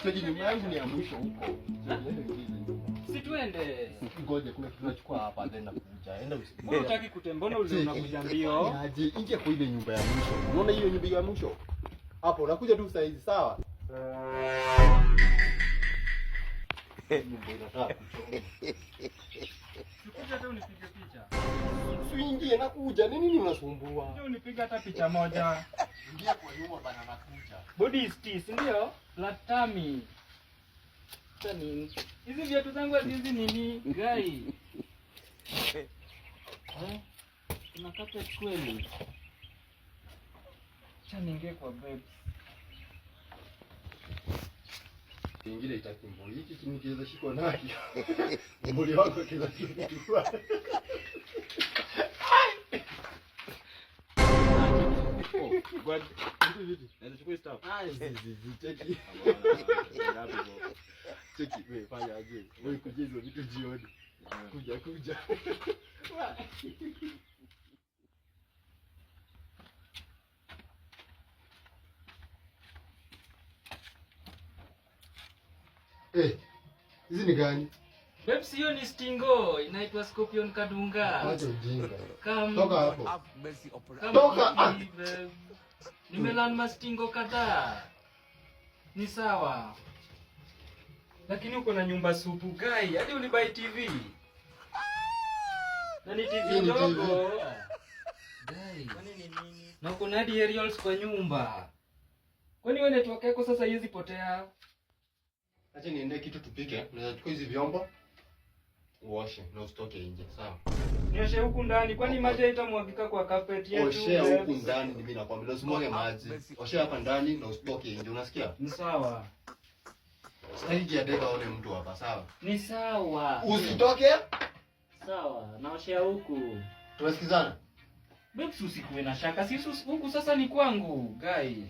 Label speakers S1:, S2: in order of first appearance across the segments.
S1: Stage nyuma yangu ni ya mwisho huko.
S2: Si tuende.
S1: Ngoja kuna kitu nachukua hapa then nakuja. Enda usikie.
S2: Wewe unataka kutembea na ule unakuja eh, eh, mbio.
S1: Eh, aje ingia kwa ile nyumba ya mwisho. Unaona hiyo nyumba ya mwisho? Hapo nakuja tu saa hizi sawa?
S2: Sikuja tu unipige picha.
S1: Usiingie nakuja. Nini
S2: Ndio nipiga hata picha moja.
S1: Ingia kwa nyumba bana nakuja.
S2: Budisti, si ndio? Latami. Hizi viatu zangu hizi nini? Gai. Eh? Kuna carpet kweli. Acha niingie kwa babes.
S1: Ingine itakimbo. Hiki kinikiweza shikwa naki. Mbuli wako kila kitu. kuja hizo hizi ni gani?
S2: Pepsi hiyo ni Stingo, inaitwa Scorpion Kadunga.
S1: Acha ujinga. Toka hapo
S2: nimelan mastingo kadhaa, ni sawa, lakini uko na nyumba supu gai hadi ulibai TV na ni TV ndogo na uko na hadi aerials kwa nyumba. Kwani wewe sasa hizi potea?
S1: Acha niende kitu tupike, unaweza chukua hizi vyombo uoshe na usitoke nje, sawa?
S2: Nioshe huku ndani, kwani maji haitamwagika kwa carpet yetu?
S1: Oshe huku ndani, mimi nakwambia usimwage maji. Oshe hapa ndani na usitoke nje, unasikia?
S2: Ni sawa.
S1: Sitaki adeka aone mtu hapa, sawa?
S2: Ni sawa.
S1: Usitoke.
S2: Sawa, naoshea huku. Tumesikizana? Bebs, usikuwe na shaka. Sisi huku sasa ni kwangu, gai.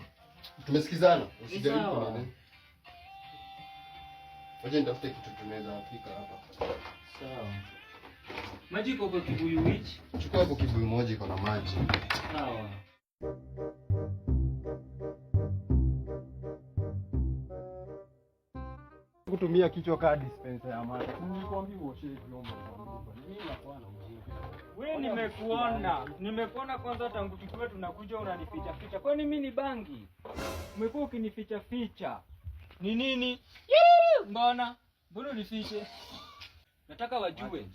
S1: Tumesikizana? Usijaribu kuna nini. Waje nitafute kitu tunaweza pika hapa.
S2: Maji iko kwa kibuyu hichi.
S1: Chukua hapo kibuyu moja iko na maji. Sawa. Kutumia kichwa kaa dispenser ya maji. Nikwambia uoshe vyombo.
S2: Wewe nimekuona. Nimekuona kwanza tangu tukue tunakuja unanificha ficha. Kwani mimi ni bangi? Umekuwa ukinificha ficha. Ni nini? Mbona? Mbona unifiche? Nataka wajue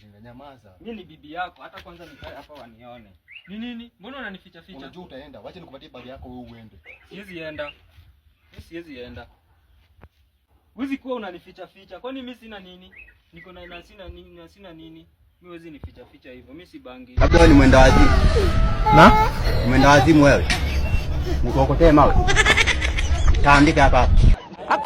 S2: mimi ni bibi yako, hata kwanza nikae hapa wanione. Ni nini? Mbona unanificha ficha?
S1: Unajua utaenda. Wacha nikupatie bari yako wewe uende.
S2: Siwezi enda. Mimi siwezi enda. wewe kuwa unanificha ficha. Kwani mimi sina nini? Niko na sina nini na sina nini? Mimi huwezi nificha ficha hivyo. Mimi si bangi.
S1: Labda ni mwenda wazimu. Na? Mwenda wazimu wewe. Nikokotee mawe. Taandika hapa.